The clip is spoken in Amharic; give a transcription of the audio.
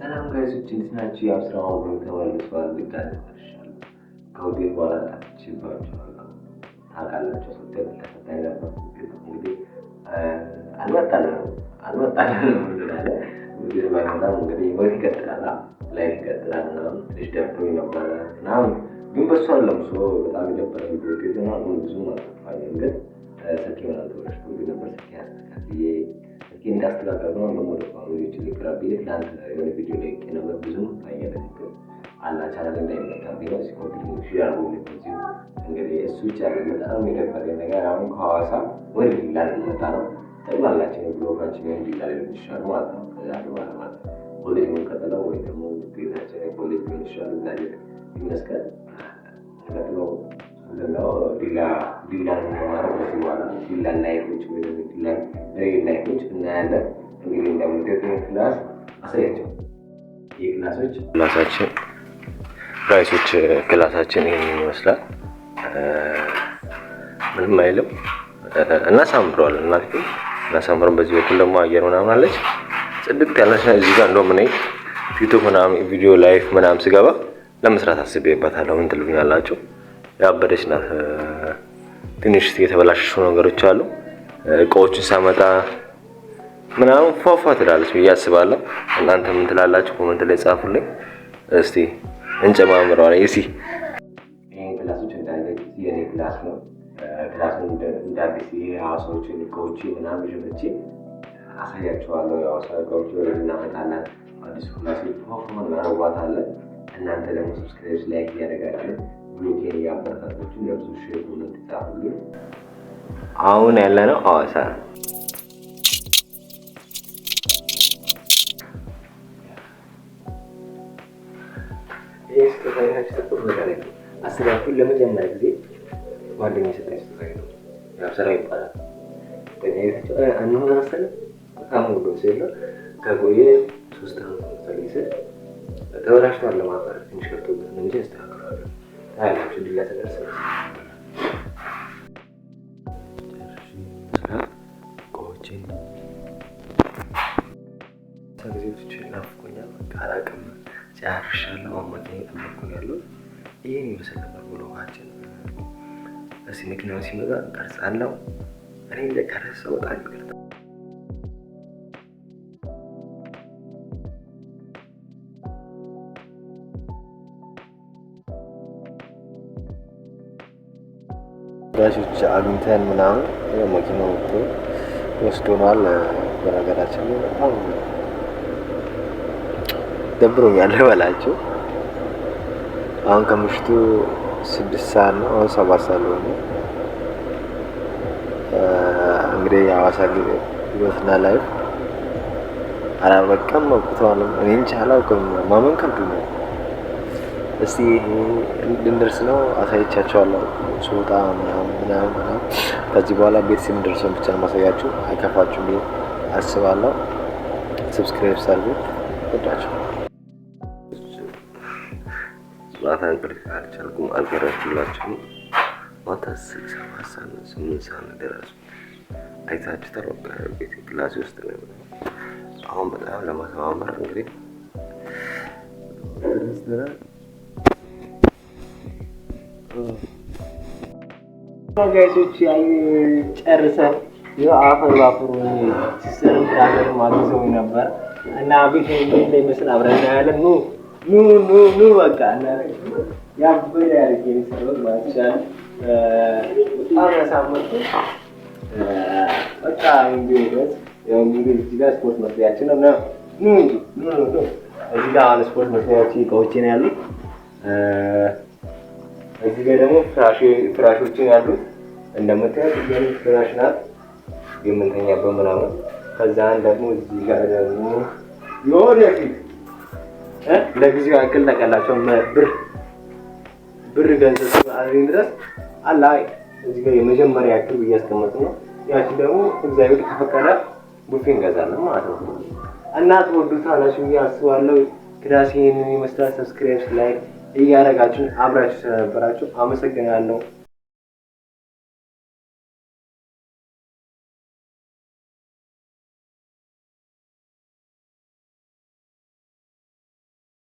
ሰላም ጋይዞች እንዴት ናችሁ? የአብስራ ስራ አሁን ከባለፈው አልጋለ በኋላ ታችባችኋለሁ። ታውቃላችሁ ስደት ተፈታኝ ጋር እንግዲህ አልመጣልንም አልመጣልንም እንላለን። እንግዲህ በጣም እንግዲህ ወይ ይቀጥላል ላይ ይቀጥላል ምናምን ትንሽ ደብሮኝ ነበረ ምናምን፣ ግን በሱ አለምሶ በጣም የደበረ ጊዜ ግን ብዙ ማለት ግን ስልክ ይሆናል ተበላሽቶ ነበር ስልክ ያስተካክዬ አድርጌ እንዳስተካከል ነው ነው ወደ ፋሚሊዎች ዝቅራ ብዬ ትናንት የሆነ ቪዲዮ ላይ ነበር። ብዙ አያገለግል አላ ቻናል እንዳይመጣ ቢሆን ሲሆን ትንሽ ያርጉ ልትዚሁ እንግዲህ እሱ ብቻ በጣም የደበረ ነገር አሁን ከሐዋሳ ወደ ሌላ ልንመጣ ነው። ጠቅላላችን ብሎጋችን ወይም ሌላ ሊሆን ይችላል ማለት ነው። ከዛ ማለት ማለት ኮሌጅ መንቀጥለው ወይ ደግሞ ቤታችን ኮሌጅ ሊሆን ይችላል ዛሬ ይመስቀል ቀጥለው ሌላ ሌላ ነው ማለት ነው። ሌላ ላይፎች ወይ ሌላ ሬድ ላይቶች እናያለን። እንግዲህ እንደምንደግን ክላስ አሳያቸው። ይህ ክላሶች ክላሳችን ራይሶች ክላሳችን ይህን ይመስላል። ምንም አይልም እናሳምረዋለን። እና እናሳምረን በዚህ በኩል ደግሞ አየር ምናምን አለች ጽድቅት ያለች እዚህ ጋር እንደውም እኔ ዩቱብ ምናምን ቪዲዮ ላይፍ ምናምን ስገባ ለመስራት አስቤባታለሁ። ምን ትልብኛላችሁ? ያበደች ናት። ትንሽ የተበላሸሹ ነገሮች አሉ። እቃዎችን ሳመጣ ምናምን ፏፏ ትላለች ብዬ አስባለሁ። እናንተ ምን ትላላችሁ? ኮመንት ላይ ጻፉልኝ እስቲ እንጨማምረዋል። እሲ የኔ እናንተ ደግሞ ሰብስክራይብ፣ ላይክ እያደረጋችሁ ሚቴን ያበረታቶችን ለብዙ ሆነ እንድጻፉሉ አሁን ያለነው ሐዋሳ ነው። አስባችሁ ለመጀመሪያ ጊዜ ጓደኛ የሰጠኝ ስጦታ ነው። ስራ ይባላል። በጣም ከቆየ ሶስት ተበላሽቷል። በቃ አላውቅም። ጨርሻለሁ። አሁን እየጠበኩ ነው ያለው። ይህን ይመስል ነበር ብሎጋችን። እዚህ መኪናው ሲመጣ ቀርጻለሁ። እኔ እንደ እንደቀረሰው በጣም ይቅርታ ራሾች አግኝተን ምናምን መኪናው ወስዶናል። በነገራችን በጣም ደብሮኛል በላቸው። አሁን ከምሽቱ ስድስት ሰዓት ነው። አሁን ሰባት ሰዓት ለሆነ እንግዲህ የሐዋሳ ህይወትና ላይፍ አላበቃም አብቅተዋልም። እኔ እንጃ አላውቅም፣ ማመን ከብዶኛል። እስቲ ልንደርስ ነው አሳይቻቸዋለሁ፣ ሶጣ ምናምን። ከዚህ በኋላ ቤት የምንደርሰውን ብቻ ነው ማሳያችሁ። አይከፋችሁ አስባለሁ። ሰብስክራይብ ሳርጎ ወዳችሁ ማታ እንቅልፍ አልቻልኩም አልቀራችሁላችሁ። ማታ ስልሳ ሀሳብ ስምንት ሰዓት ደረሱ። አይታችሁ ተረጋ ቤት ክላሴ ውስጥ ነው። አሁን በጣም ለማሰማመር እንግዲህ ጋይሶች ያ ጨርሰ አፈር ባፈር ሲስተር ማግዘው ነበር እና ቤት ላይ መስል አብረና ያለን ኑ ኑ ኑ በቃ ያበደ ያደርግ የሚሰሩት ማለት በጣም ያሳመጡ በቃ እንግዲህ እዚህ ጋር ስፖርት መስሪያችን ነው። ኑ እንጂ ኑ ኑ እዚህ ጋር አሁን ስፖርት መስሪያዎች እቃዎች ነው ያሉት። እዚህ ጋር ደግሞ ፍራሾችን ያሉት እንደምታዩት እዚህ ፍራሽ ናት የምንተኛበት ምናምን። ከዛን ደግሞ እዚህ ጋር ደግሞ የሆነ ለጊዜው ያክል ተቀላቸው ብር ብር ገንዘብ አሪን ድረስ አላ እዚህ ጋር የመጀመሪያ ያክል ብያስቀመጥ ነው። ያቺ ደግሞ እግዚአብሔር ከፈቀደ ቡፌ እንገዛለን ማለት ነው። እና ትወዱታላችሁ ብዬ አስባለሁ። ክላስ ይሄንን ይመስላል። ሰብስክራይብ ላይ እያደረጋችሁ አብራችሁ ስለነበራችሁ አመሰግናለሁ።